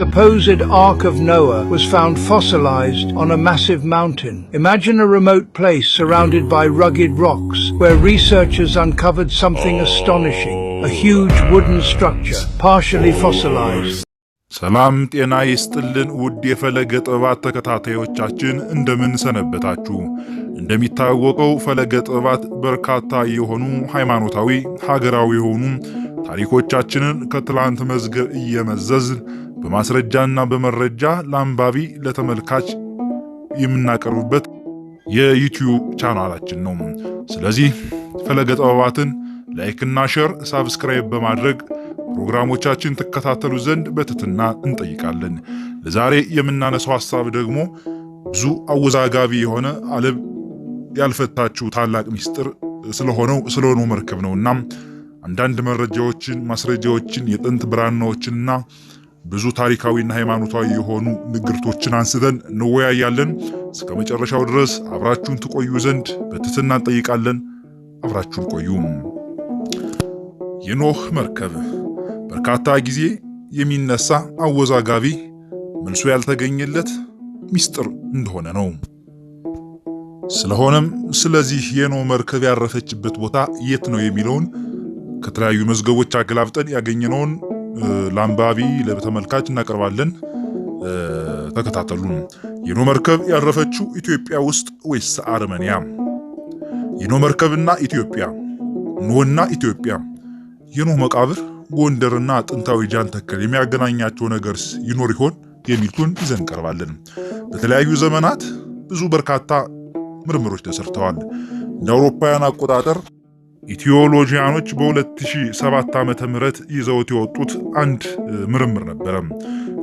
supposed Ark of Noah was found fossilized on a massive mountain. Imagine a remote place surrounded by rugged rocks where researchers uncovered something astonishing, a huge wooden structure, partially fossilized. ሰላም ጤና ይስጥልን ውድ የፈለገ ጥበባት ተከታታዮቻችን እንደምን ሰነበታችሁ። እንደሚታወቀው ፈለገ ጥበባት በርካታ የሆኑ ሃይማኖታዊ፣ ሀገራዊ የሆኑ ታሪኮቻችንን ከትላንት መዝገብ እየመዘዝን በማስረጃና በመረጃ ለአንባቢ ለተመልካች የምናቀርብበት የዩቲዩብ ቻናላችን ነው። ስለዚህ ፈለገ ጥበባትን ላይክና ሼር፣ ሳብስክራይብ በማድረግ ፕሮግራሞቻችን ትከታተሉ ዘንድ በትትና እንጠይቃለን። ለዛሬ የምናነሳው ሀሳብ ደግሞ ብዙ አወዛጋቢ የሆነ ዓለም ያልፈታችው ታላቅ ሚስጥር ስለሆነው ስለሆኑ መርከብ ነውና አንዳንድ መረጃዎችን፣ ማስረጃዎችን፣ የጥንት ብራናዎችንና ብዙ ታሪካዊና ሃይማኖታዊ የሆኑ ንግርቶችን አንስተን እንወያያለን። እስከ መጨረሻው ድረስ አብራችሁን ትቆዩ ዘንድ በትህትና እንጠይቃለን። አብራችሁን ቆዩ። የኖህ መርከብ በርካታ ጊዜ የሚነሳ አወዛጋቢ፣ መልሶ ያልተገኘለት ሚስጥር እንደሆነ ነው። ስለሆነም ስለዚህ የኖህ መርከብ ያረፈችበት ቦታ የት ነው የሚለውን ከተለያዩ መዝገቦች አገላብጠን ያገኘነውን ለአንባቢ ለተመልካች እናቀርባለን። ተከታተሉን። የኖ መርከብ ያረፈችው ኢትዮጵያ ውስጥ ወይስ አርመኒያ? የኖ መርከብና ኢትዮጵያ፣ ኖና ኢትዮጵያ፣ የኖ መቃብር፣ ጎንደርና ጥንታዊ ጃን ተከል የሚያገናኛቸው ነገርስ ይኖር ይሆን የሚሉትን ይዘን እንቀርባለን። በተለያዩ ዘመናት ብዙ በርካታ ምርምሮች ተሰርተዋል። እንደ አውሮፓውያን አቆጣጠር ኢትዮሎጂያኖች በ2007 ዓ ም ይዘውት የወጡት አንድ ምርምር ነበረ።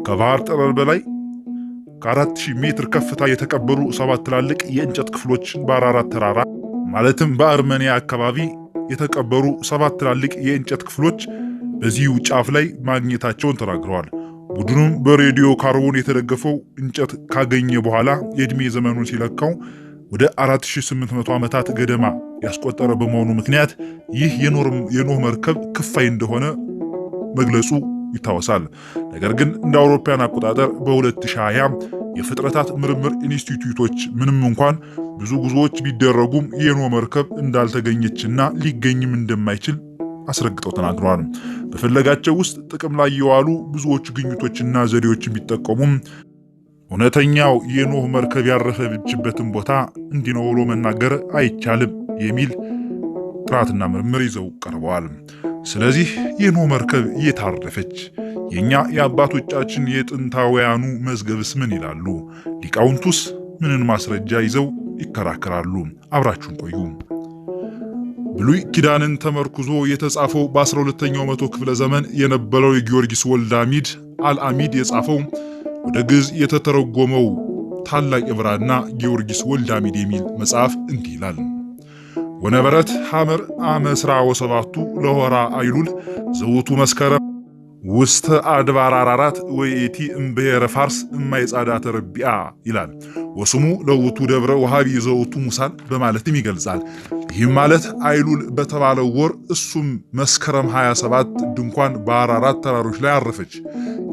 ከባህር ጠለል በላይ ከ4000 ሜትር ከፍታ የተቀበሉ ሰባት ትላልቅ የእንጨት ክፍሎች በአራራት ተራራ ማለትም በአርመኒያ አካባቢ የተቀበሩ ሰባት ትላልቅ የእንጨት ክፍሎች በዚሁ ጫፍ ላይ ማግኘታቸውን ተናግረዋል። ቡድኑም በሬዲዮ ካርቦን የተደገፈው እንጨት ካገኘ በኋላ የዕድሜ ዘመኑን ሲለካው ወደ 4800 ዓመታት ገደማ ያስቆጠረ በመሆኑ ምክንያት ይህ የኖህ መርከብ ክፋይ እንደሆነ መግለጹ ይታወሳል። ነገር ግን እንደ አውሮፓያን አቆጣጠር በ2020 የፍጥረታት ምርምር ኢንስቲትዩቶች ምንም እንኳን ብዙ ጉዞዎች ቢደረጉም የኖህ መርከብ እንዳልተገኘችና ሊገኝም እንደማይችል አስረግጠው ተናግረዋል። በፍለጋቸው ውስጥ ጥቅም ላይ የዋሉ ብዙዎቹ ግኝቶችና ዘዴዎችን ቢጠቀሙም እውነተኛው የኖህ መርከብ ያረፈችበትን ቦታ እንዲህ ብሎ መናገር አይቻልም የሚል ጥራትና ምርምር ይዘው ቀርበዋል። ስለዚህ የኖህ መርከብ የታረፈች የእኛ የአባቶቻችን የጥንታውያኑ መዝገብስ ምን ይላሉ? ሊቃውንቱስ ምንን ማስረጃ ይዘው ይከራከራሉ? አብራችሁን ቆዩ። ብሉይ ኪዳንን ተመርኩዞ የተጻፈው በ12ኛው መቶ ክፍለ ዘመን የነበረው የጊዮርጊስ ወልደ አሚድ አልአሚድ የጻፈው ወደ ግዕዝ የተተረጎመው ታላቅ የብራና ጊዮርጊስ ወልዳሚድ የሚል መጽሐፍ እንዲህ ይላል። ወነበረት ሐመር አመስራ ወሰባቱ ለሆራ አይሉል ዘውቱ መስከረም ውስተ አድባር አራራት ወይቲ እምብሔረ ፋርስ እማይጻዳ ተረቢአ ይላል። ወስሙ ለውቱ ደብረ ውሃቢ ዘውቱ ሙሳል በማለትም ይገልጻል። ይህም ማለት አይሉል በተባለው ወር እሱም መስከረም 27 ድንኳን በአራራት ተራሮች ላይ አረፈች።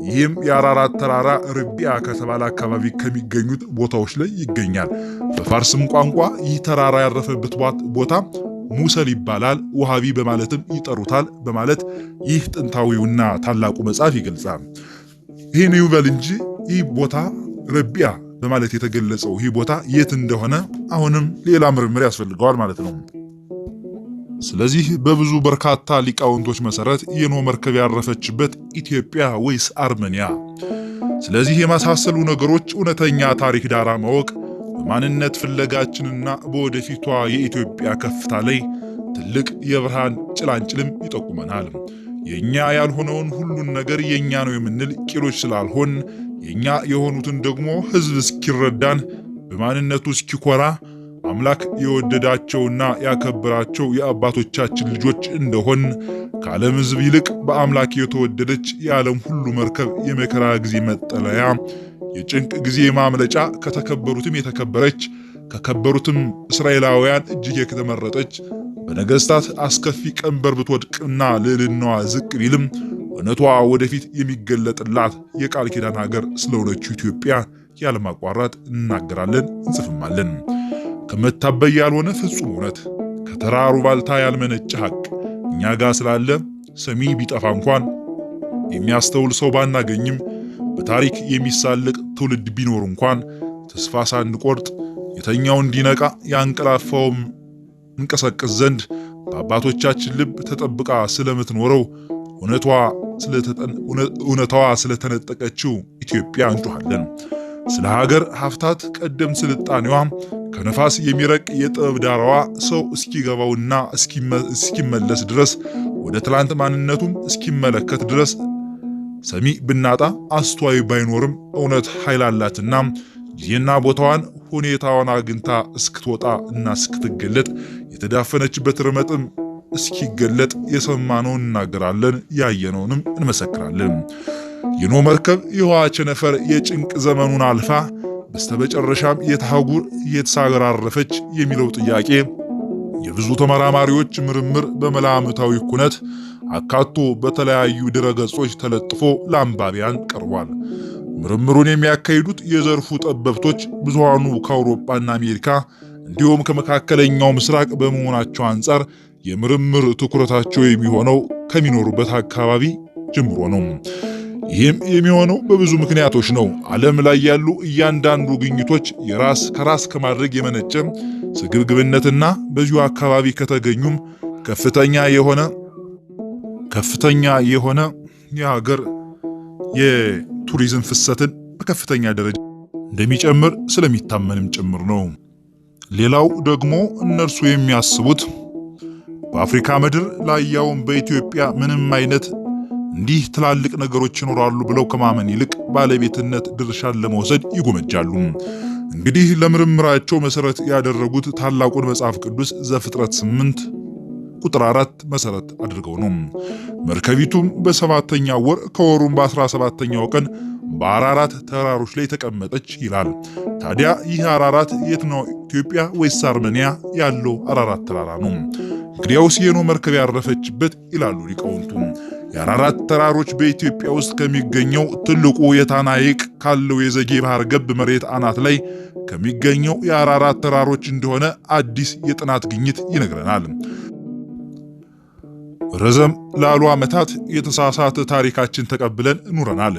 ይህም የአራራት ተራራ ርቢያ ከተባለ አካባቢ ከሚገኙት ቦታዎች ላይ ይገኛል። በፋርስም ቋንቋ ይህ ተራራ ያረፈበት ቦታ ሙሰል ይባላል፣ ውሃቢ በማለትም ይጠሩታል በማለት ይህ ጥንታዊውና ታላቁ መጽሐፍ ይገልጻል። ይህን ይበል እንጂ ይህ ቦታ ረቢያ በማለት የተገለጸው ይህ ቦታ የት እንደሆነ አሁንም ሌላ ምርምር ያስፈልገዋል ማለት ነው። ስለዚህ በብዙ በርካታ ሊቃውንቶች መሰረት የኖ መርከብ ያረፈችበት ኢትዮጵያ ወይስ አርመንያ? ስለዚህ የመሳሰሉ ነገሮች እውነተኛ ታሪክ ዳራ ማወቅ በማንነት ፍለጋችንና በወደፊቷ የኢትዮጵያ ከፍታ ላይ ትልቅ የብርሃን ጭላንጭልም ይጠቁመናል። የእኛ ያልሆነውን ሁሉን ነገር የእኛ ነው የምንል ቂሎች ስላልሆን የእኛ የሆኑትን ደግሞ ሕዝብ እስኪረዳን በማንነቱ እስኪኮራ አምላክ የወደዳቸውና ያከበራቸው የአባቶቻችን ልጆች እንደሆን ከዓለም ሕዝብ ይልቅ በአምላክ የተወደደች የዓለም ሁሉ መርከብ የመከራ ጊዜ መጠለያ የጭንቅ ጊዜ ማምለጫ ከተከበሩትም የተከበረች ከከበሩትም እስራኤላውያን እጅግ የተመረጠች በነገሥታት አስከፊ ቀንበር ብትወድቅና ልዕልናዋ ዝቅ ቢልም እውነቷ ወደፊት የሚገለጥላት የቃል ኪዳን ሀገር ስለሆነች ኢትዮጵያ ያለማቋረጥ እናገራለን፣ እንጽፍማለን። ከመታበይ ያልሆነ ፍጹም እውነት ከተራሩ ባልታ ያልመነጨ ሀቅ እኛ ጋር ስላለ ሰሚ ቢጠፋ እንኳን የሚያስተውል ሰው ባናገኝም በታሪክ የሚሳልቅ ትውልድ ቢኖር እንኳን ተስፋ ሳንቆርጥ የተኛው እንዲነቃ ያንቀላፋውም እንቀሰቅስ ዘንድ በአባቶቻችን ልብ ተጠብቃ ስለምትኖረው እውነታዋ ስለተነጠቀችው ኢትዮጵያ እንጮኋለን ስለ ሀገር ሀፍታት ቀደም ስልጣኔዋ ከነፋስ የሚረቅ የጥበብ ዳራዋ ሰው እስኪገባውና እስኪመለስ ድረስ ወደ ትላንት ማንነቱም እስኪመለከት ድረስ ሰሚ ብናጣ አስተዋይ ባይኖርም እውነት ኃይል አላትና ጊዜና ቦታዋን ሁኔታዋን አግኝታ እስክትወጣ እና እስክትገለጥ የተዳፈነችበት ርመጥም እስኪገለጥ የሰማነው እናገራለን፣ ያየነውንም እንመሰክራለን። የኖ መርከብ የውሃ ቸነፈር የጭንቅ ዘመኑን አልፋ በስተመጨረሻም የት አህጉር የተሳገራረፈች የሚለው ጥያቄ የብዙ ተመራማሪዎች ምርምር በመላምታዊ ኩነት አካቶ በተለያዩ ድረገጾች ተለጥፎ ለአንባቢያን ቀርቧል። ምርምሩን የሚያካሂዱት የዘርፉ ጠበብቶች ብዙሃኑ ከአውሮፓና አሜሪካ እንዲሁም ከመካከለኛው ምስራቅ በመሆናቸው አንጻር የምርምር ትኩረታቸው የሚሆነው ከሚኖሩበት አካባቢ ጀምሮ ነው። ይህም የሚሆነው በብዙ ምክንያቶች ነው። ዓለም ላይ ያሉ እያንዳንዱ ግኝቶች የራስ ከራስ ከማድረግ የመነጨ ስግብግብነትና በዚሁ አካባቢ ከተገኙም ከፍተኛ የሆነ ከፍተኛ የሆነ የሀገር የቱሪዝም ፍሰትን በከፍተኛ ደረጃ እንደሚጨምር ስለሚታመንም ጭምር ነው። ሌላው ደግሞ እነርሱ የሚያስቡት በአፍሪካ ምድር ላይ ያውም በኢትዮጵያ ምንም አይነት እንዲህ ትላልቅ ነገሮች ይኖራሉ ብለው ከማመን ይልቅ ባለቤትነት ድርሻን ለመውሰድ ይጎመጃሉ። እንግዲህ ለምርምራቸው መሰረት ያደረጉት ታላቁን መጽሐፍ ቅዱስ ዘፍጥረት ስምንት ቁጥር አራት መሰረት አድርገው ነው። መርከቢቱም በሰባተኛው ወር ከወሩም በ17ተኛው ቀን በአራራት ተራሮች ላይ ተቀመጠች ይላል። ታዲያ ይህ አራራት የት ነው? ኢትዮጵያ ወይስ አርመንያ ያለው አራራት ተራራ ነው? እንግዲያውስ የኖህ መርከብ ያረፈችበት ይላሉ ሊቃውንቱ። የአራራት ተራሮች በኢትዮጵያ ውስጥ ከሚገኘው ትልቁ የጣና ሐይቅ ካለው የዘጌ ባህር ገብ መሬት አናት ላይ ከሚገኘው የአራራት ተራሮች እንደሆነ አዲስ የጥናት ግኝት ይነግረናል። ረዘም ላሉ ዓመታት የተሳሳተ ታሪካችን ተቀብለን ኑረናል።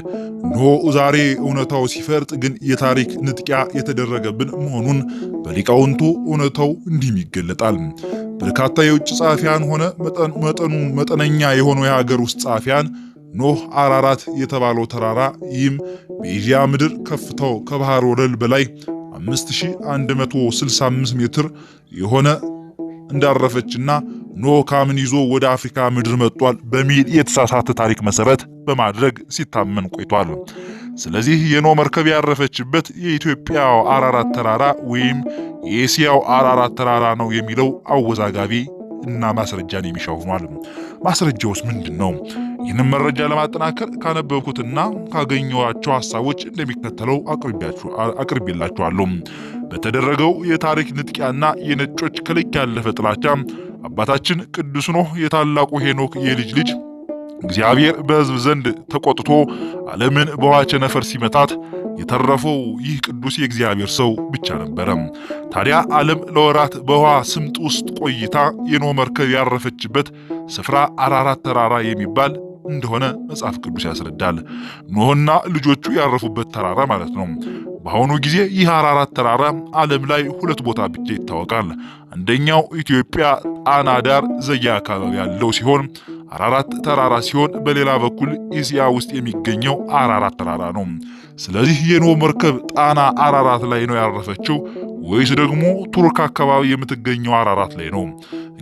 እንሆ ዛሬ እውነታው ሲፈርጥ ግን የታሪክ ንጥቂያ የተደረገብን መሆኑን በሊቃውንቱ እውነታው እንዲህም ይገለጣል። በርካታ የውጭ ጸሐፊያን ሆነ መጠኑ መጠነኛ የሆነው የሀገር ውስጥ ጸሐፊያን ኖህ አራራት የተባለው ተራራ ይህም በኤዥያ ምድር ከፍታው ከባህር ወለል በላይ 5165 ሜትር የሆነ እንዳረፈችና ኖህ ካምን ይዞ ወደ አፍሪካ ምድር መጥቷል በሚል የተሳሳተ ታሪክ መሰረት በማድረግ ሲታመን ቆይቷል። ስለዚህ የኖህ መርከብ ያረፈችበት የኢትዮጵያው አራራት ተራራ ወይም የኤስያው አራራት ተራራ ነው የሚለው አወዛጋቢ እና ማስረጃን የሚሻ ሆኗል። ማስረጃውስ ምንድን ነው? ይህንን መረጃ ለማጠናከር ካነበብኩትና ካገኘኋቸው ሀሳቦች እንደሚከተለው አቅርቤላችኋለሁ። በተደረገው የታሪክ ንጥቂያና የነጮች ከልክ ያለፈ ጥላቻ አባታችን ቅዱስ ኖህ የታላቁ ሄኖክ የልጅ ልጅ እግዚአብሔር በሕዝብ ዘንድ ተቆጥቶ ዓለምን በውሃ ቸነፈር ሲመታት የተረፈው ይህ ቅዱስ የእግዚአብሔር ሰው ብቻ ነበረ። ታዲያ ዓለም ለወራት በውሃ ስምጥ ውስጥ ቆይታ የኖህ መርከብ ያረፈችበት ስፍራ አራራት ተራራ የሚባል እንደሆነ መጽሐፍ ቅዱስ ያስረዳል። ኖህና ልጆቹ ያረፉበት ተራራ ማለት ነው። በአሁኑ ጊዜ ይህ አራራት ተራራ ዓለም ላይ ሁለት ቦታ ብቻ ይታወቃል። አንደኛው ኢትዮጵያ ጣና ዳር ዘያ አካባቢ ያለው ሲሆን አራራት ተራራ ሲሆን በሌላ በኩል እስያ ውስጥ የሚገኘው አራራት ተራራ ነው። ስለዚህ የኖ መርከብ ጣና አራራት ላይ ነው ያረፈችው ወይስ ደግሞ ቱርክ አካባቢ የምትገኘው አራራት ላይ ነው?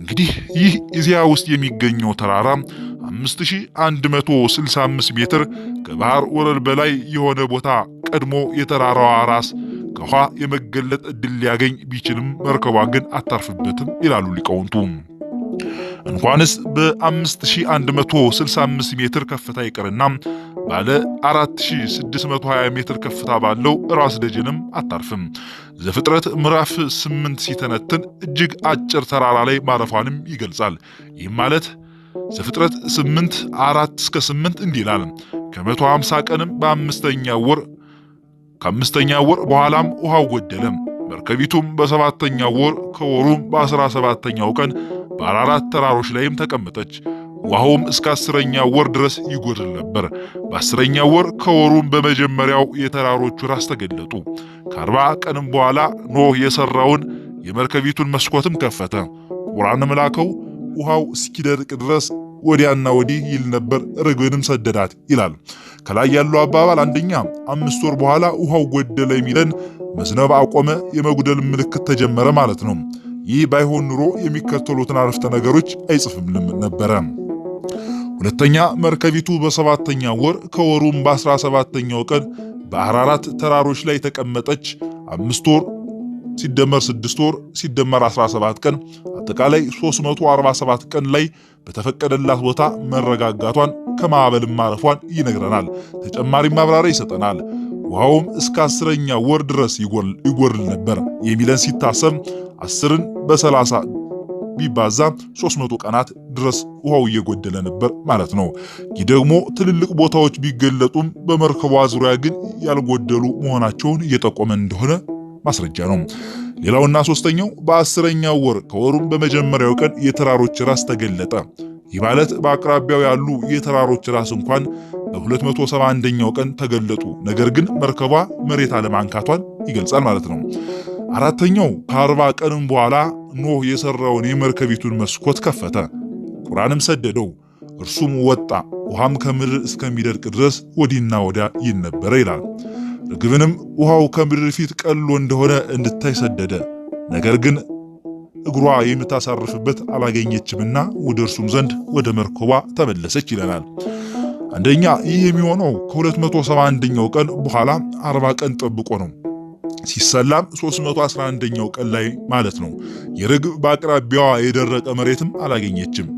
እንግዲህ ይህ እስያ ውስጥ የሚገኘው ተራራ 5165 ሜትር ከባህር ወለል በላይ የሆነ ቦታ ቀድሞ የተራራዋ ራስ ከውሃ የመገለጥ ዕድል ሊያገኝ ቢችልም መርከቧ ግን አታርፍበትም ይላሉ ሊቃውንቱ። እንኳንስ በ5165 ሜትር ከፍታ ይቅርና ባለ 4620 ሜትር ከፍታ ባለው ራስ ደጀንም አታርፍም። ዘፍጥረት ምዕራፍ 8 ሲተነትን እጅግ አጭር ተራራ ላይ ማረፏንም ይገልጻል። ይህም ማለት ዘፍጥረት 8 4 እስከ 8 እንዲህ ይላል። ከ150 ቀንም በአምስተኛ ወር ከአምስተኛ ወር በኋላም ውሃው ጎደለም። መርከቢቱም በሰባተኛው ወር ከወሩም በአስራ ሰባተኛው ቀን በአራራት ተራሮች ላይም ተቀመጠች። ውሃውም እስከ አስረኛ ወር ድረስ ይጎድል ነበር። በአስረኛ ወር ከወሩም በመጀመሪያው የተራሮቹ ራስ ተገለጡ። ከአርባ ቀንም በኋላ ኖህ የሠራውን የመርከቢቱን መስኮትም ከፈተ። ቁራንም ላከው ውሃው እስኪደርቅ ድረስ ወዲያና ወዲህ ይል ነበር፣ ርግብንም ሰደዳት ይላል። ከላይ ያለው አባባል አንደኛ አምስት ወር በኋላ ውሃው ጎደለ የሚለን መዝነብ አቆመ፣ የመጉደል ምልክት ተጀመረ ማለት ነው። ይህ ባይሆን ኑሮ የሚከተሉትን አረፍተ ነገሮች አይጽፍምልም ነበረ። ሁለተኛ መርከቢቱ በሰባተኛ ወር ከወሩም በአስራ ሰባተኛው ቀን በአራራት ተራሮች ላይ ተቀመጠች። አምስት ወር ሲደመር 6 ወር ሲደመር 17 ቀን አጠቃላይ 347 ቀን ላይ በተፈቀደላት ቦታ መረጋጋቷን ከማዕበልም ማረፏን ይነግረናል። ተጨማሪ ማብራሪያ ይሰጠናል። ውሃውም እስከ አስረኛ ወር ድረስ ይጎርል ነበር የሚለን ሲታሰብ አስርን በሰላሳ ቢባዛ 300 ቀናት ድረስ ውሃው እየጎደለ ነበር ማለት ነው። ይህ ደግሞ ትልልቅ ቦታዎች ቢገለጡም በመርከቧ ዙሪያ ግን ያልጎደሉ መሆናቸውን እየጠቆመ እንደሆነ ማስረጃ ነው። ሌላውና ሶስተኛው በአስረኛው ወር ከወሩም በመጀመሪያው ቀን የተራሮች ራስ ተገለጠ። ይህ ማለት በአቅራቢያው ያሉ የተራሮች ራስ እንኳን በ271ኛው ቀን ተገለጡ። ነገር ግን መርከቧ መሬት አለማንካቷን ይገልጻል ማለት ነው። አራተኛው ከአርባ ቀንም በኋላ ኖህ የሰራውን የመርከቢቱን መስኮት ከፈተ፣ ቁራንም ሰደደው፣ እርሱም ወጣ፣ ውሃም ከምድር እስከሚደርቅ ድረስ ወዲና ወዲያ ይነበረ ይላል። ርግብንም ውሃው ከምድር ፊት ቀሎ እንደሆነ እንድታይ ሰደደ። ነገር ግን እግሯ የምታሳርፍበት አላገኘችምና ወደ እርሱም ዘንድ ወደ መርከቧ ተመለሰች ይለናል። አንደኛ ይህ የሚሆነው ከ271ኛው ቀን በኋላ 40 ቀን ጠብቆ ነው። ሲሰላም 311ኛው ቀን ላይ ማለት ነው። የርግብ በአቅራቢያዋ የደረቀ መሬትም አላገኘችም።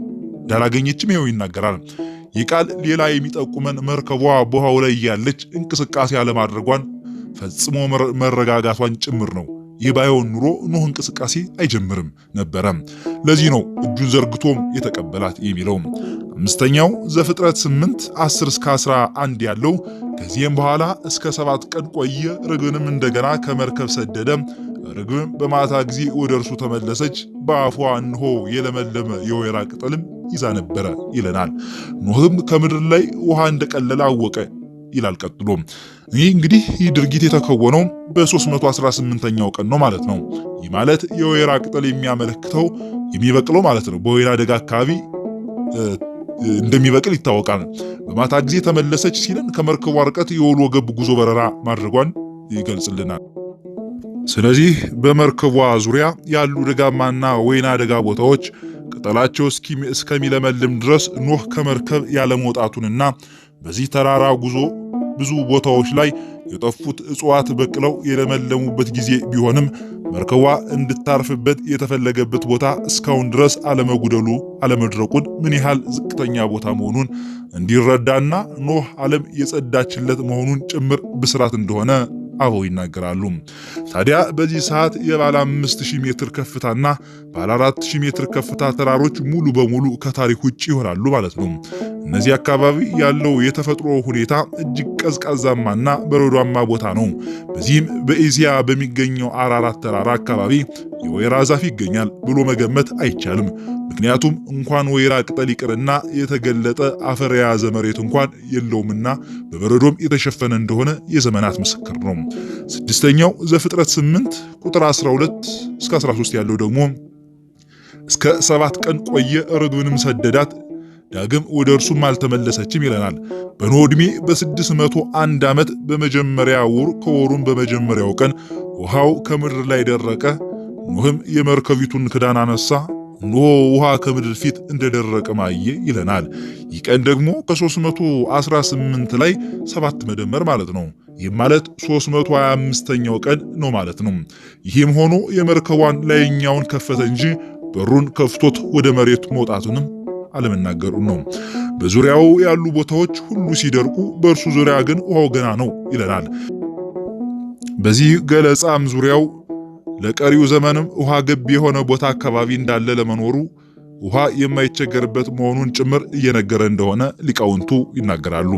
እንዳላገኘችም ይኸው ይናገራል። የቃል ሌላ የሚጠቁመን መርከቧ በውሃው ላይ እያለች እንቅስቃሴ አለማድረጓን ፈጽሞ መረጋጋቷን ጭምር ነው። ይህ ባይሆን ኑሮ ኖህ እንቅስቃሴ አይጀምርም ነበረም። ለዚህ ነው እጁን ዘርግቶም የተቀበላት የሚለው። አምስተኛው ዘፍጥረት 8 10 እስከ 11 ያለው ከዚህም በኋላ እስከ ሰባት ቀን ቆየ፣ ርግንም እንደገና ከመርከብ ሰደደ ርግብም በማታ ጊዜ ወደ እርሱ ተመለሰች፣ በአፏ እንሆ የለመለመ የወይራ ቅጠልም ይዛ ነበረ ይለናል። ኖህም ከምድር ላይ ውሃ እንደቀለለ አወቀ ይላል ቀጥሎ። ይህ እንግዲህ ይህ ድርጊት የተከወነው በ318ኛው ቀን ነው ማለት ነው። ይህ ማለት የወይራ ቅጠል የሚያመለክተው የሚበቅለው ማለት ነው በወይራ ደጋ አካባቢ እንደሚበቅል ይታወቃል። በማታ ጊዜ ተመለሰች ሲልን ከመርከቧ ርቀት የወሎ ገብ ጉዞ በረራ ማድረጓን ይገልጽልናል። ስለዚህ በመርከቧ ዙሪያ ያሉ ደጋማና ወይና ደጋ ቦታዎች ቅጠላቸው እስከሚለመልም ድረስ ኖህ ከመርከብ ያለመውጣቱንና በዚህ ተራራ ጉዞ ብዙ ቦታዎች ላይ የጠፉት እጽዋት በቅለው የለመለሙበት ጊዜ ቢሆንም መርከቧ እንድታርፍበት የተፈለገበት ቦታ እስካሁን ድረስ አለመጉደሉ አለመድረቁን ምን ያህል ዝቅተኛ ቦታ መሆኑን እንዲረዳና ኖህ ዓለም የጸዳችለት መሆኑን ጭምር ብስራት እንደሆነ አበው ይናገራሉ። ታዲያ በዚህ ሰዓት የባለ 5000 ሜትር ከፍታና ባለ 4000 ሜትር ከፍታ ተራሮች ሙሉ በሙሉ ከታሪክ ውጭ ይሆናሉ ማለት ነው። እነዚህ አካባቢ ያለው የተፈጥሮ ሁኔታ እጅግ ቀዝቃዛማና በረዷማ ቦታ ነው። በዚህም በኤዚያ በሚገኘው አራራት ተራራ አካባቢ የወይራ ዛፍ ይገኛል ብሎ መገመት አይቻልም። ምክንያቱም እንኳን ወይራ ቅጠል ይቅርና የተገለጠ አፈር የያዘ መሬት እንኳን የለውምና በበረዶም የተሸፈነ እንደሆነ የዘመናት ምስክር ነው። ስድስተኛው ዘፍጥረት 8 ቁጥር 12 እስከ 13 ያለው ደግሞ እስከ ሰባት ቀን ቆየ፣ ርግብንም ሰደዳት ዳግም ወደ እርሱም አልተመለሰችም ይለናል። በኖህ ዕድሜ በ መቶ አንድ ዓመት በመጀመሪያ ወር ከወሩም በመጀመሪያው ቀን ውሃው ከምድር ላይ ደረቀ። ኖህም የመርከቢቱን ክዳን አነሳ፣ እነሆ ውሃ ከምድር ፊት እንደደረቀ ማየ ይለናል። ይህ ቀን ደግሞ ከ318 ላይ ሰባት መደመር ማለት ነው። ይህም ማለት 325ኛው ቀን ነው ማለት ነው። ይህም ሆኖ የመርከቧን ላይኛውን ከፈተ እንጂ በሩን ከፍቶት ወደ መሬት መውጣቱንም አለመናገሩን ነው። በዙሪያው ያሉ ቦታዎች ሁሉ ሲደርቁ፣ በእርሱ ዙሪያ ግን ውሃው ገና ነው ይለናል። በዚህ ገለጻም ዙሪያው ለቀሪው ዘመንም ውሃ ግብ የሆነ ቦታ አካባቢ እንዳለ ለመኖሩ ውሃ የማይቸገርበት መሆኑን ጭምር እየነገረ እንደሆነ ሊቃውንቱ ይናገራሉ።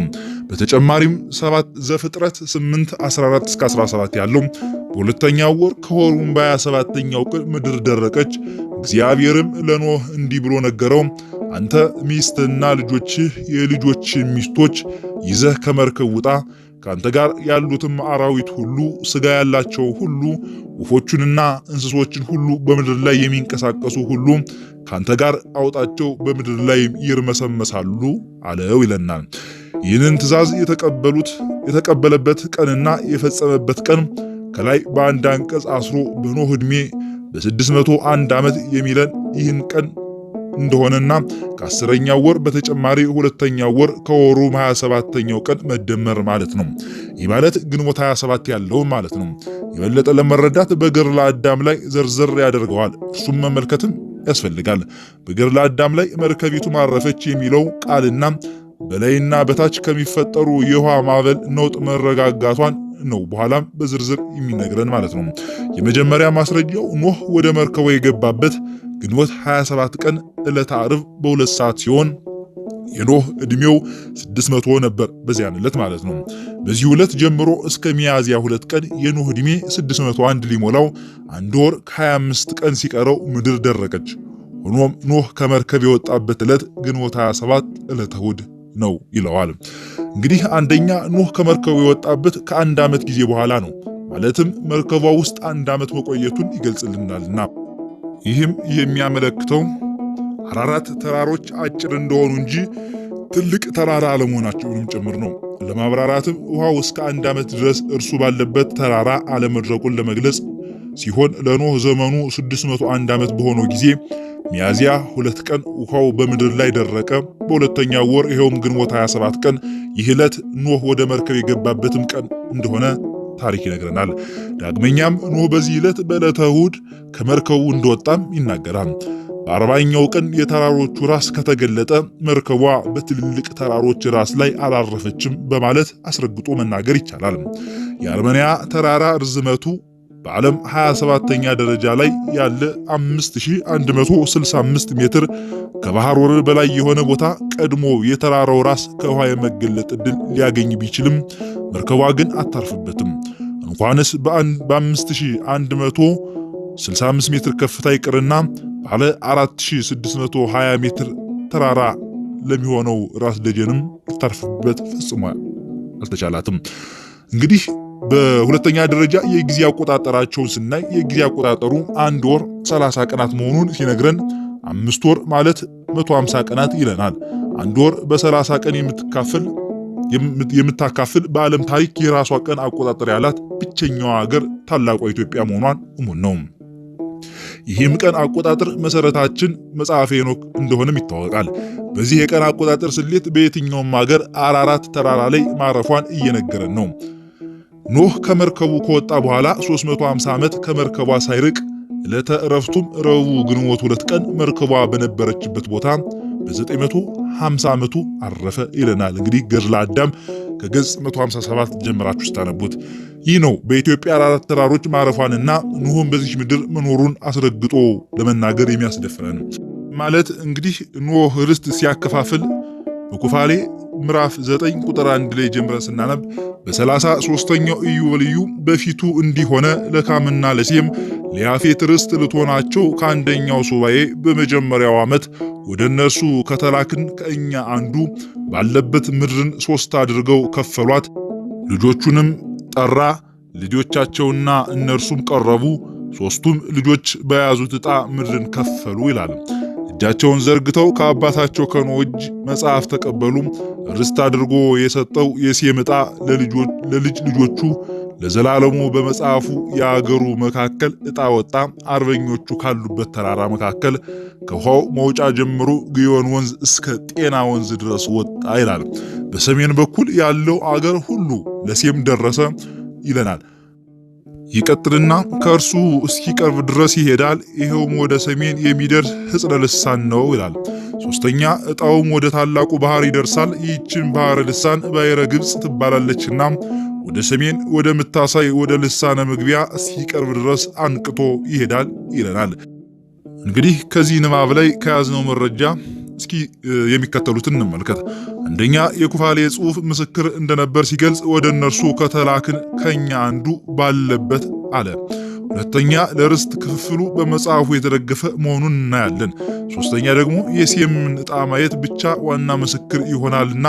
በተጨማሪም ሰባት ዘፍጥረት 8 14 እስከ 17 ያለው በሁለተኛው ወር ከሆሩም በ27ኛው ቀን ምድር ደረቀች። እግዚአብሔርም ለኖህ እንዲህ ብሎ ነገረው፣ አንተ ሚስትና ልጆችህ የልጆች ሚስቶች ይዘህ ከመርከብ ውጣ ካንተ ጋር ያሉትም አራዊት ሁሉ፣ ሥጋ ያላቸው ሁሉ፣ ወፎቹንና እንስሶችን ሁሉ፣ በምድር ላይ የሚንቀሳቀሱ ሁሉ ካንተ ጋር አውጣቸው፣ በምድር ላይ ይርመሰመሳሉ አለው ይለናል። ይህንን ትእዛዝ የተቀበሉት የተቀበለበት ቀንና የፈጸመበት ቀን ከላይ በአንድ አንቀጽ አስሮ በኖህ ዕድሜ በ601 ዓመት የሚለን ይህን ቀን እንደሆነና ከአስረኛው ወር በተጨማሪ ሁለተኛው ወር ከወሩ 27 ኛው ቀን መደመር ማለት ነው። ይህ ማለት ግንቦት 27 ያለውን ማለት ነው። የበለጠ ለመረዳት በገድለ አዳም ላይ ዘርዘር ያደርገዋል። እሱም መመልከትም ያስፈልጋል። በገድለ አዳም ላይ መርከቢቱ ማረፈች የሚለው ቃልና በላይና በታች ከሚፈጠሩ የውሃ ማዕበል ነውጥ መረጋጋቷን ነው በኋላም በዝርዝር የሚነግረን ማለት ነው። የመጀመሪያ ማስረጃው ኖህ ወደ መርከቡ የገባበት ግንቦት 27 ቀን ዕለተ ዓርብ በሁለት ሰዓት ሲሆን የኖህ ዕድሜው 600 ነበር በዚያን ዕለት ማለት ነው። በዚህ ዕለት ጀምሮ እስከ ሚያዝያ ሁለት ቀን የኖህ ዕድሜ 601 ሊሞላው አንድ ወር ከ25 ቀን ሲቀረው ምድር ደረቀች። ሆኖም ኖህ ከመርከብ የወጣበት ዕለት ግንቦት 27 ዕለተ እሑድ ነው ይለዋል። እንግዲህ አንደኛ ኖህ ከመርከቡ የወጣበት ከአንድ ዓመት ጊዜ በኋላ ነው። ማለትም መርከቧ ውስጥ አንድ ዓመት መቆየቱን ይገልጽልናልና ይህም የሚያመለክተው አራራት ተራሮች አጭር እንደሆኑ እንጂ ትልቅ ተራራ አለመሆናቸውንም ጭምር ነው። ለማብራራትም ውሃው እስከ አንድ ዓመት ድረስ እርሱ ባለበት ተራራ አለመድረቁን ለመግለጽ ሲሆን ለኖህ ዘመኑ 601 ዓመት በሆነው ጊዜ ሚያዚያ ሁለት ቀን ውሃው በምድር ላይ ደረቀ። በሁለተኛ ወር ይኸውም ግንቦት 27 ቀን ይህ ዕለት ኖህ ወደ መርከብ የገባበትም ቀን እንደሆነ ታሪክ ይነግረናል። ዳግመኛም ኖህ በዚህ ዕለት በዕለተ እሑድ ከመርከቡ እንደወጣም ይናገራል። በአርባኛው ቀን የተራሮቹ ራስ ከተገለጠ መርከቧ በትልልቅ ተራሮች ራስ ላይ አላረፈችም በማለት አስረግጦ መናገር ይቻላል። የአርመንያ ተራራ ርዝመቱ በዓለም 27ኛ ደረጃ ላይ ያለ 5165 ሜትር ከባህር ወለል በላይ የሆነ ቦታ ቀድሞ የተራራው ራስ ከውሃ የመገለጥ ዕድል ሊያገኝ ቢችልም መርከቧ ግን አታርፍበትም። እንኳንስ በ5165 ሜትር ከፍታ ይቅርና ባለ 4620 ሜትር ተራራ ለሚሆነው ራስ ደጀንም ልታርፍበት ፈጽሞ አልተቻላትም። እንግዲህ በሁለተኛ ደረጃ የጊዜ አቆጣጠራቸውን ስናይ የጊዜ አቆጣጠሩ አንድ ወር 30 ቀናት መሆኑን ሲነግረን አምስት ወር ማለት 150 ቀናት ይለናል። አንድ ወር በ30 ቀን የምትካፈል የምታካፍል በዓለም ታሪክ የራሷ ቀን አቆጣጠር ያላት ብቸኛዋ ሀገር ታላቋ ኢትዮጵያ መሆኗን እሙን ነው። ይህም ቀን አቆጣጠር መሰረታችን መጽሐፈ ሄኖክ እንደሆነም ይታወቃል። በዚህ የቀን አቆጣጠር ስሌት በየትኛውም ሀገር አራራት ተራራ ላይ ማረፏን እየነገረን ነው። ኖህ ከመርከቡ ከወጣ በኋላ 350 ዓመት ከመርከቧ ሳይርቅ ዕለተ ዕረፍቱም ረቡዕ ግንቦት ሁለት ቀን መርከቧ በነበረችበት ቦታ በ950 ዓመቱ አረፈ ይለናል። እንግዲህ ገድለ አዳም ከገጽ 157 ጀምራችሁ ስታነቡት ይህ ነው በኢትዮጵያ አራት ተራሮች ማረፏንና ኖህም በዚህ ምድር መኖሩን አስረግጦ ለመናገር የሚያስደፍረን ማለት እንግዲህ ኖህ ርስት ሲያከፋፍል በኩፋሌ ምዕራፍ 9 ቁጥር 1 ላይ ጀምረን ስናነብ በሰላሳ ሦስተኛው ኢዮቤልዩ በፊቱ እንዲሆነ ለካምና ለሴም ለያፌት ርስት ልትሆናቸው ከአንደኛው ሱባኤ በመጀመሪያው ዓመት ወደ እነርሱ ከተላክን ከእኛ አንዱ ባለበት ምድርን ሦስት አድርገው ከፈሏት። ልጆቹንም ጠራ፣ ልጆቻቸውና እነርሱም ቀረቡ፣ ሦስቱም ልጆች በያዙት ዕጣ ምድርን ከፈሉ ይላል። እጃቸውን ዘርግተው ከአባታቸው ከኖህ እጅ መጽሐፍ ተቀበሉም። ርስት አድርጎ የሰጠው የሴም ዕጣ ለልጅ ልጆቹ ለዘላለሙ በመጽሐፉ የአገሩ መካከል ዕጣ ወጣ። አርበኞቹ ካሉበት ተራራ መካከል ከውሃው መውጫ ጀምሮ ግዮን ወንዝ እስከ ጤና ወንዝ ድረስ ወጣ ይላል። በሰሜን በኩል ያለው አገር ሁሉ ለሴም ደረሰ ይለናል። ይቀጥልና ከእርሱ እስኪቀርብ ድረስ ይሄዳል። ይኸውም ወደ ሰሜን የሚደርስ ሕጽረ ልሳን ነው ይላል። ሶስተኛ እጣውም ወደ ታላቁ ባህር ይደርሳል። ይህችን ባህረ ልሳን ባሕረ ግብፅ ትባላለችና ወደ ሰሜን ወደ ምታሳይ ወደ ልሳነ መግቢያ እስኪቀርብ ድረስ አንቅቶ ይሄዳል ይለናል። እንግዲህ ከዚህ ንባብ ላይ ከያዝነው መረጃ እስኪ የሚከተሉትን እንመልከት። አንደኛ የኩፋሌ ጽሑፍ ምስክር እንደነበር ሲገልጽ ወደ እነርሱ ከተላክን ከኛ አንዱ ባለበት አለ። ሁለተኛ ለርስት ክፍፍሉ በመጽሐፉ የተደገፈ መሆኑን እናያለን። ሶስተኛ ደግሞ የሴምን ዕጣ ማየት ብቻ ዋና ምስክር ይሆናልና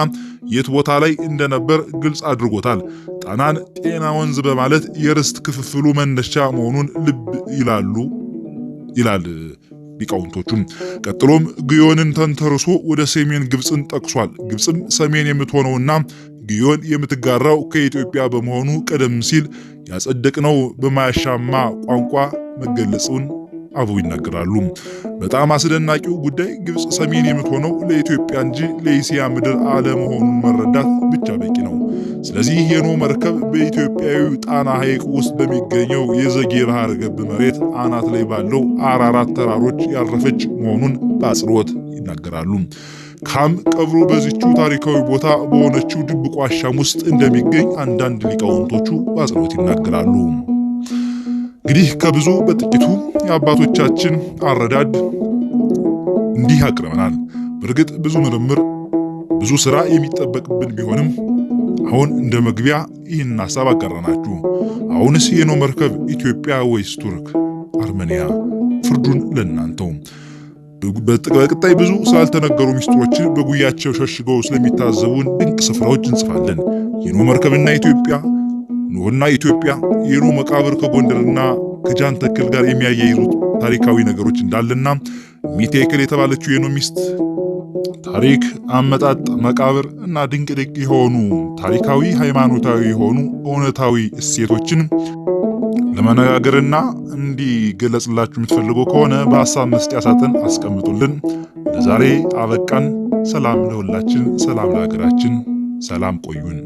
የት ቦታ ላይ እንደነበር ግልጽ አድርጎታል። ጣናን ጤና ወንዝ በማለት የርስት ክፍፍሉ መነሻ መሆኑን ልብ ይላሉ ይላል። ሊቃውንቶቹም። ቀጥሎም ግዮንን ተንተርሶ ወደ ሰሜን ግብፅን ጠቅሷል። ግብፅም ሰሜን የምትሆነውና ግዮን የምትጋራው ከኢትዮጵያ በመሆኑ ቀደም ሲል ያጸደቅነው በማያሻማ ቋንቋ መገለጹን አበው ይናገራሉ። በጣም አስደናቂው ጉዳይ ግብፅ ሰሜን የምትሆነው ለኢትዮጵያ እንጂ ለእስያ ምድር አለመሆኑን መረዳት ብቻ በቂ ነው። ስለዚህ የኖ መርከብ በኢትዮጵያዊ ጣና ሐይቅ ውስጥ በሚገኘው የዘጌ ባህረ ገብ መሬት አናት ላይ ባለው አራራት ተራሮች ያረፈች መሆኑን በአጽንኦት ይናገራሉ። ካም ቀብሮ በዚቹ ታሪካዊ ቦታ በሆነችው ድብቅ ዋሻም ውስጥ እንደሚገኝ አንዳንድ ሊቃውንቶቹ በአጽንኦት ይናገራሉ። እንግዲህ ከብዙ በጥቂቱ የአባቶቻችን አረዳድ እንዲህ አቅርበናል። በእርግጥ ብዙ ምርምር፣ ብዙ ስራ የሚጠበቅብን ቢሆንም አሁን እንደ መግቢያ ይህን ሐሳብ አቀረናችሁ። አሁንስ የኖ መርከብ ኢትዮጵያ ወይስ ቱርክ፣ አርሜኒያ? ፍርዱን ለእናንተው። በቀጣይ ብዙ ስላልተነገሩ ሚስጥሮችን በጉያቸው ሸሽገው ስለሚታዘቡን ድንቅ ስፍራዎች እንጽፋለን። የኖህ መርከብና ኢትዮጵያ ኖኅና ኢትዮጵያ የኖ መቃብር ከጎንደርና ከጃን ተክል ጋር የሚያያይዙት ታሪካዊ ነገሮች እንዳለና ሚቴክል የተባለችው የኖ ሚስት ታሪክ፣ አመጣጥ፣ መቃብር እና ድንቅ ድንቅ የሆኑ ታሪካዊ፣ ሃይማኖታዊ የሆኑ እውነታዊ እሴቶችን ለመነጋገርና እንዲገለጽላችሁ የምትፈልጉ ከሆነ በሀሳብ መስጫ ሳጥን አስቀምጡልን። ለዛሬ አበቃን። ሰላም ለሁላችን፣ ሰላም ለሀገራችን፣ ሰላም ቆዩን።